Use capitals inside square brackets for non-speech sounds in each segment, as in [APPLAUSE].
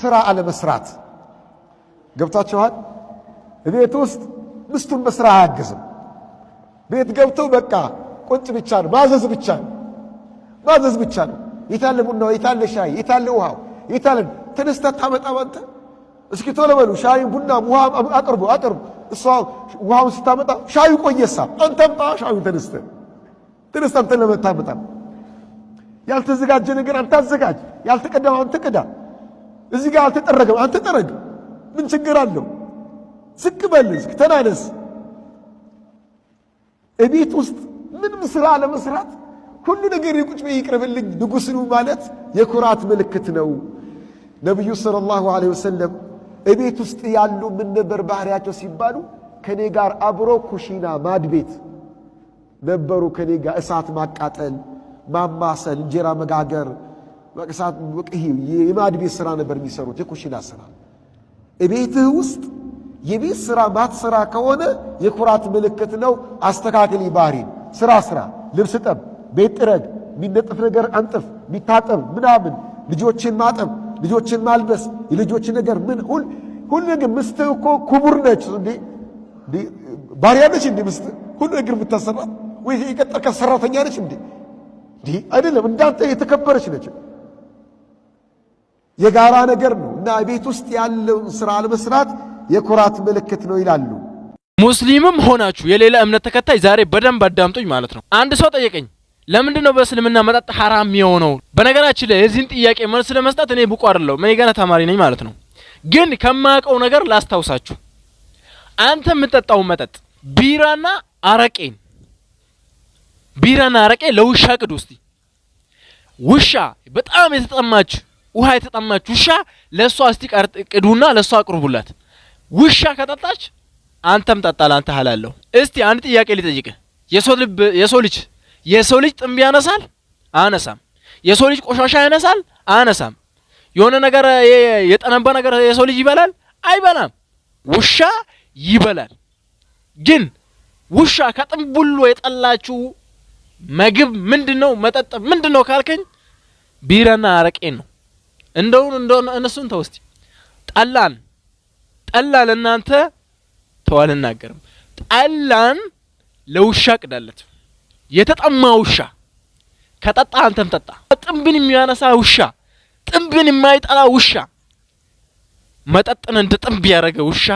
ስራ አለመስራት ገብታችኋል። ቤት ውስጥ ምስቱን በስራ አያግዝም። ቤት ገብተው በቃ ቁጭ ብቻ ነው፣ ማዘዝ ብቻ ነው፣ ማዘዝ ብቻ ነው። የታለ ቡና የታለ ሻይ? የታለ ውሃው? የታለ ተነስታ ታመጣም። አንተ እስኪ ቶሎ በሉ ሻይ፣ ቡና፣ ውሃ አቅርቡ፣ አቅርቡ። እሷ ውሃውን ስታመጣ ሻዩ ቆየሳ፣ አንተምጣ ሻዩ ተነስተ ተነስታ አንተ ለመታመጣ ያልተዘጋጀ ነገር አንተ አዘጋጅ፣ ያልተቀዳም አንተ ቅዳ። እዚህ ጋር አልተጠረገም። አንተ ጠረግ፣ ምን ችግር አለው? ዝቅ በል፣ ተናነስ። እቤት ውስጥ ምንም ስራ ለመስራት ሁሉ ነገር የቁጭ በይ ይቅርብልኝ፣ ንጉሥ ነው ማለት የኩራት ምልክት ነው። ነቢዩ ሰለላሁ ዐለይሂ ወሰለም እቤት ውስጥ ያሉ ምን ነበር ባህሪያቸው ሲባሉ ከኔ ጋር አብሮ ኩሽና ማድቤት ነበሩ። ከኔ ጋር እሳት ማቃጠል፣ ማማሰል፣ እንጀራ መጋገር በቅሳት የማድ ቤት ስራ ነበር የሚሰሩት፣ የኩሽና ስራ። እቤትህ ውስጥ የቤት ስራ ማትሰራ ከሆነ የኩራት ምልክት ነው። አስተካክል፣ ባህሪን ስራ ስራ፣ ልብስ ጠብ፣ ቤት ጥረግ፣ የሚነጥፍ ነገር አንጥፍ፣ የሚታጠብ ምናምን፣ ልጆችን ማጠብ፣ ልጆችን ማልበስ፣ የልጆች ነገር ምን ሁል ሁሉ ነገር ምስት እኮ ክቡር ነች እንዴ! ባሪያ ነች እንዴ? ምስት ሁሉ ነገር ምታሰራ ወይ የቀጠርከ ሰራተኛ ነች እንዴ? አይደለም፣ እንዳንተ የተከበረች ነች። የጋራ ነገር ነው እና ቤት ውስጥ ያለውን ስራ አለመስራት የኩራት ምልክት ነው ይላሉ። ሙስሊምም ሆናችሁ የሌላ እምነት ተከታይ ዛሬ በደንብ አዳምጡኝ ማለት ነው። አንድ ሰው ጠየቀኝ፣ ለምንድን ነው በእስልምና መጠጥ ሐራም የሆነው? በነገራችን ላይ የዚህን ጥያቄ መልስ ለመስጠት እኔ ብቁ አይደለሁም፣ እኔ ገና ተማሪ ነኝ ማለት ነው። ግን ከማያውቀው ነገር ላስታውሳችሁ፣ አንተ የምጠጣው መጠጥ ቢራና አረቄን ቢራና አረቄ ለውሻ ቅዱ እስቲ ውሻ በጣም የተጠማች ውሃ የተጠማች ውሻ ለእሷ እስቲ ቅዱና ለእሷ አቅርቡላት። ውሻ ከጠጣች አንተም ጠጣ፣ ላንተ ሀላለሁ። እስቲ አንድ ጥያቄ ሊጠይቅ የሰው ልጅ የሰው ልጅ ጥንብ ያነሳል? አነሳም። የሰው ልጅ ቆሻሻ ያነሳል? አነሳም። የሆነ ነገር የጠነበ ነገር የሰው ልጅ ይበላል? አይበላም። ውሻ ይበላል። ግን ውሻ ከጥንብ የጠላችው የጠላችሁ ምግብ ምንድን ነው? መጠጥ ምንድን ነው ካልከኝ ቢራና አረቄን ነው። እንደውን እንደው እነሱን ተው እስቲ ጠላን ጠላ ለእናንተ ተው አልናገርም። ጠላን ለውሻ ቅዳለት። የተጠማ ውሻ ከጠጣ አንተም ጠጣ። ጥንብን የሚያነሳ ውሻ፣ ጥንብን የማይጠላ ውሻ፣ መጠጥን እንደ ጥንብ ያደረገ ውሻ።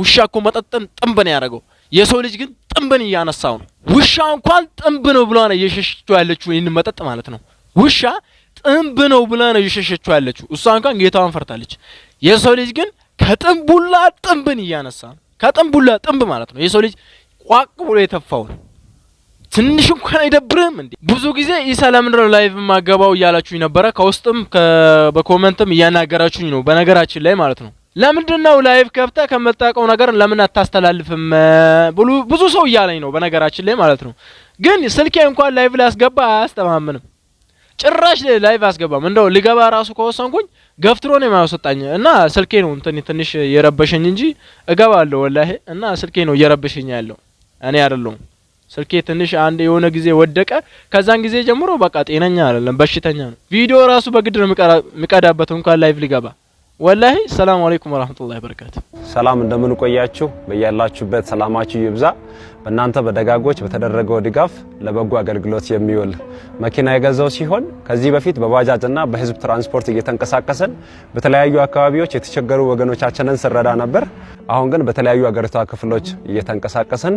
ውሻ እኮ መጠጥን ጥንብን ያደረገው የሰው ልጅ ግን ጥንብን እያነሳው ነው። ውሻ እንኳን ጥንብ ነው ብሏ ነው እየሸሽቶ ያለችው ይህን መጠጥ ማለት ነው ውሻ ጥንብ ነው ብላ ነው እየሸሸችው ያለችው። እሷ እንኳን ጌታዋን ፈርታለች። የሰው ልጅ ግን ከጥንቡላ ጥንብን እያነሳ ነው። ከጥንቡላ ጥንብ ማለት ነው የሰው ልጅ ቋቅ ብሎ የተፋውን ትንሽ እንኳን አይደብርም እንዴ? ብዙ ጊዜ ኢሳ ለምንድን ነው ላይቭ ማገባው እያላችሁኝ ነበረ። ከውስጥም በኮመንትም እያናገራችሁኝ ነው። በነገራችን ላይ ማለት ነው ለምንድን ነው ላይቭ ከፍተ ከመጣቀው ነገር ለምን አታስተላልፍም? ብዙ ሰው እያለኝ ነው። በነገራችን ላይ ማለት ነው ግን ስልኬ እንኳን ላይቭ ላስገባ አያስተማምንም። ጭራሽ ላይቭ አስገባም። እንደው ልገባ ራሱ ከወሰንኩኝ ገፍትሮ ነው የማያስወጣኝ እና ስልኬ ነው እንትን ትንሽ የረበሸኝ እንጂ እገባለሁ ወላሂ። እና ስልኬ ነው እየረበሸኝ ያለው እኔ አይደለሁም። ስልኬ ትንሽ አንድ የሆነ ጊዜ ወደቀ። ከዛን ጊዜ ጀምሮ በቃ ጤነኛ አይደለም፣ በሽተኛ ነው። ቪዲዮ ራሱ በግድ ነው የሚቀዳበት እንኳን ላይቭ ሊገባ ወላሂ ሰላም አለይኩም ወራህመቱላሂ በረካቱ። ሰላም እንደምን ቆያችሁ? በያላችሁበት ሰላማችሁ ይብዛ። በእናንተ በደጋጎች በተደረገው ድጋፍ ለበጎ አገልግሎት የሚውል መኪና የገዛው ሲሆን ከዚህ በፊት በባጃጅና በህዝብ ትራንስፖርት እየተንቀሳቀስን በተለያዩ አካባቢዎች የተቸገሩ ወገኖቻችንን ስረዳ ነበር። አሁን ግን በተለያዩ አገሪቷ ክፍሎች እየተንቀሳቀሰን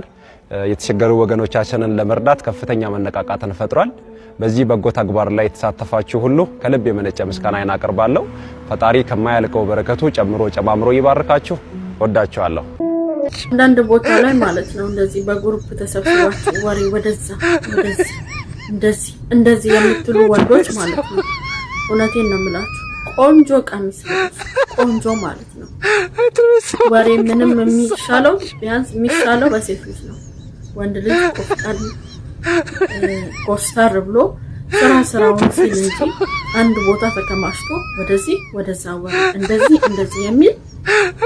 የተቸገሩ ወገኖቻችንን ለመርዳት ከፍተኛ መነቃቃትን ፈጥሯል። በዚህ በጎ ተግባር ላይ የተሳተፋችሁ ሁሉ ከልብ የመነጨ ምስጋናዬን አቀርባለሁ። ፈጣሪ ከማያልቀው በረከቱ ጨምሮ ጨማምሮ ይባርካችሁ። ወዳችኋለሁ። አንዳንድ ቦታ ላይ ማለት ነው እንደዚህ በግሩፕ ተሰብስባችሁ ወሬ ወደዛ እንደዚህ እንደዚህ የምትሉ ወንዶች ማለት ነው። እውነቴን ነው የምላችሁ። ቆንጆ ቀሚስ ቆንጆ ማለት ነው። ወሬ ምንም የሚሻለው ቢያንስ የሚሻለው በሴት ልጅ ነው። ወንድ ልጅ ቆፍጣን ኮስተር ብሎ ስራ ስራውን ሲል እንጂ አንድ ቦታ ተከማችቶ ወደዚህ ወደዛ ወር እንደዚህ እንደዚህ የሚል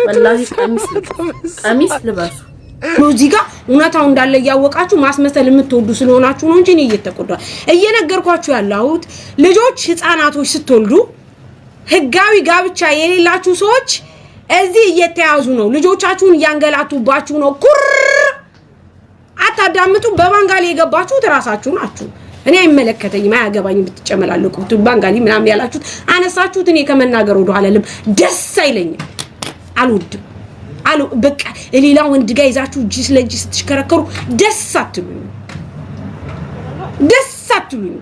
ወላሂ ቀሚስ ልበሱ። እዚህ ጋር እውነታው እንዳለ እያወቃችሁ ማስመሰል የምትወዱ ስለሆናችሁ ነው እንጂ እኔ እየተቆዳ እየነገርኳችሁ ያለሁት ልጆች ህፃናቶች ስትወልዱ ህጋዊ ጋብቻ የሌላችሁ ሰዎች እዚህ እየተያዙ ነው። ልጆቻችሁን እያንገላቱባችሁ ነው። ኩር የምታዳምጡ በባንጋሊ የገባችሁት እራሳችሁ ናችሁ። እኔ አይመለከተኝም፣ አያገባኝም ብትጨመላለቁ ባንጋሊ ምናምን ያላችሁት አነሳችሁት። እኔ ከመናገር ወደ ኋላ ልም ደስ አይለኝም፣ አልወድም አሉ በቃ ሌላ ወንድ ጋር ይዛችሁ እጅ ስለእጅ ስትሽከረከሩ ደስ አትሉኝ፣ ደስ አትሉኝ።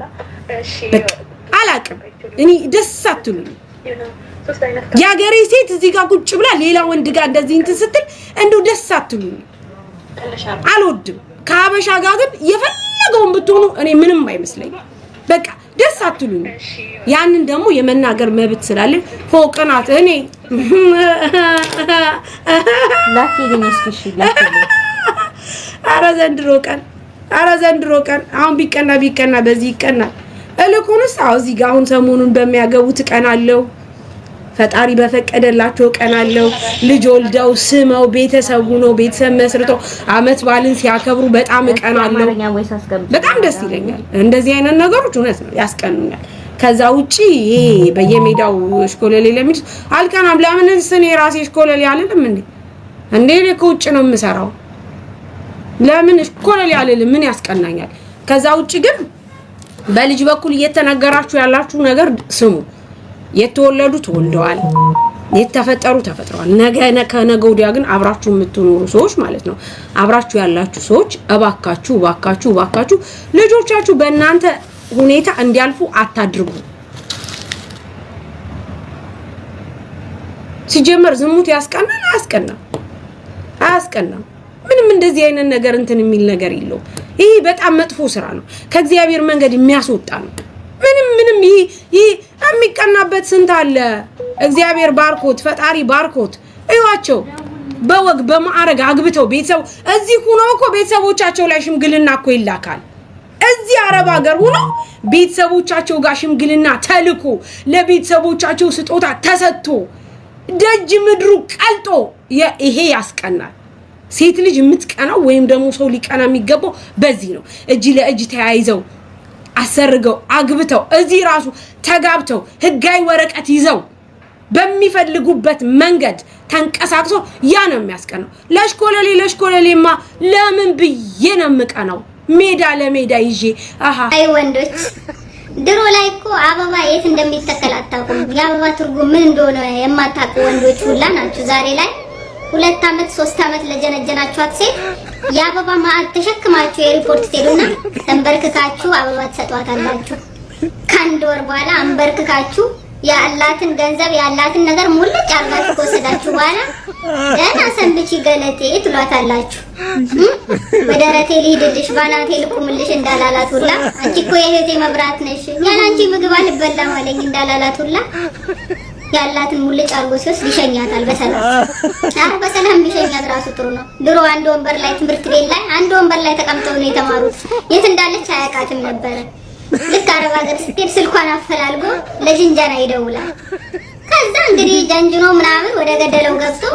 አላቅም እኔ ደስ አትሉኝ። የሀገሬ ሴት እዚህ ጋር ቁጭ ብላ ሌላ ወንድ ጋር እንደዚህ እንትን ስትል እንደው ደስ አትሉኝ፣ አልወድም። ከሀበሻ ጋር ግን የፈለገውን ብትሆኑ እኔ ምንም አይመስለኝ። በቃ ደስ አትሉኝ። ያንን ደግሞ የመናገር መብት ስላለ ፎቅናት እኔ [LAUGHS] አረ ዘንድሮ ቀን አረ ዘንድሮ ቀን አሁን ቢቀና ቢቀና በዚህ ይቀናል። እልኩንስ አዎ እዚህ ጋር አሁን ሰሞኑን በሚያገቡት ቀን አለው ፈጣሪ በፈቀደላቸው ቀን አለው ልጅ ወልደው ስመው ቤተሰብ ሆኖ ቤተሰብ መስርተው አመት በዓልን ሲያከብሩ በጣም ቀን አለው። በጣም ደስ ይለኛል። እንደዚህ አይነት ነገሮች እውነት ነው ያስቀኑኛል። ከዛ ውጪ ይሄ በየሜዳው እሽኮለሌ ለሚል አልቀናም። ለምንስ እኔ ራሴ እሽኮለሌ አልልም እንዴ? እንዴ እኔ ከውጭ ነው የምሰራው። ለምን እሽኮለሌ አልልም? ምን ያስቀናኛል? ከዛ ውጪ ግን በልጅ በኩል እየተነገራችሁ ያላችሁ ነገር ስሙ። የተወለዱ ተወልደዋል፣ የተፈጠሩ ተፈጥረዋል። ነገ ከነገ ወዲያ ግን አብራችሁ የምትኖሩ ሰዎች ማለት ነው አብራችሁ ያላችሁ ሰዎች እባካችሁ እባካችሁ እባካችሁ ልጆቻችሁ በእናንተ ሁኔታ እንዲያልፉ አታድርጉ። ሲጀመር ዝሙት ያስቀናል? አያስቀናም፣ አያስቀናም። ምንም እንደዚህ አይነት ነገር እንትን የሚል ነገር የለውም። ይህ በጣም መጥፎ ስራ ነው። ከእግዚአብሔር መንገድ የሚያስወጣ ነው። ምንም ምንም ይሄ ስንት አለ እግዚአብሔር ባርኮት ፈጣሪ ባርኮት እዩዋቸው። በወግ በማዕረግ አግብተው ቤተሰብ እዚህ ሁኖ እኮ ቤተሰቦቻቸው ላይ ሽምግልና እኮ ይላካል። እዚህ አረብ ሀገር ሁኖ ቤተሰቦቻቸው ጋር ሽምግልና ተልኮ ለቤተሰቦቻቸው ስጦታ ተሰጥቶ ደጅ ምድሩ ቀልጦ ይሄ ያስቀናል። ሴት ልጅ የምትቀናው ወይም ደግሞ ሰው ሊቀና የሚገባው በዚህ ነው። እጅ ለእጅ ተያይዘው አሰርገው አግብተው እዚህ ራሱ ተጋብተው ህጋዊ ወረቀት ይዘው በሚፈልጉበት መንገድ ተንቀሳቅሶ ያ ነው የሚያስቀነው። ለሽኮለሌ ለሽኮለሌማ ለምን ብዬ ነው የምቀነው? ሜዳ ለሜዳ ይዤ አይ ወንዶች ድሮ ላይ እኮ አበባ የት እንደሚተከል አታውቁም። የአበባ ትርጉም ምን እንደሆነ የማታውቁ ወንዶች ሁላ ናችሁ። ዛሬ ላይ ሁለት አመት ሶስት አመት ለጀነጀናችኋት ሴት የአበባ ማዕድ ተሸክማችሁ ኤርፖርት ትሄዱና ተንበርክካችሁ አበባ ትሰጧታላችሁ። ከአንድ ወር በኋላ አንበርክካችሁ ያላትን ገንዘብ ያላትን ነገር ሙልጭ አርጋችሁ ከወሰዳችሁ በኋላ ደህና ሰንብቺ ገለቴ ትሏታላችሁ። በደረቴ ልሂድልሽ ባናቴ ልቁምልሽ እንዳላላት ሁላ አንቺ እኮ የህይወቴ መብራት ነሽ ያለ አንቺ ምግብ አልበላም አለኝ እንዳላላት ሁላ ያላትን ሙልጭ አርጎ ሲወስድ ይሸኛታል። በሰላም አረ በሰላም ቢሸኛት ራሱ ጥሩ ነው። ድሮ አንድ ወንበር ላይ ትምህርት ቤት ላይ አንድ ወንበር ላይ ተቀምጠው ነው የተማሩት። የት እንዳለች አያውቃትም ነበረ። ልክ አረብ ሀገር ስትሄድ ስልኳን አፈላልጎ ለጅንጀና ይደውላል። ከዛ እንግዲህ ጀንጅኖ ምናምን ወደ ገደለው ገብቶ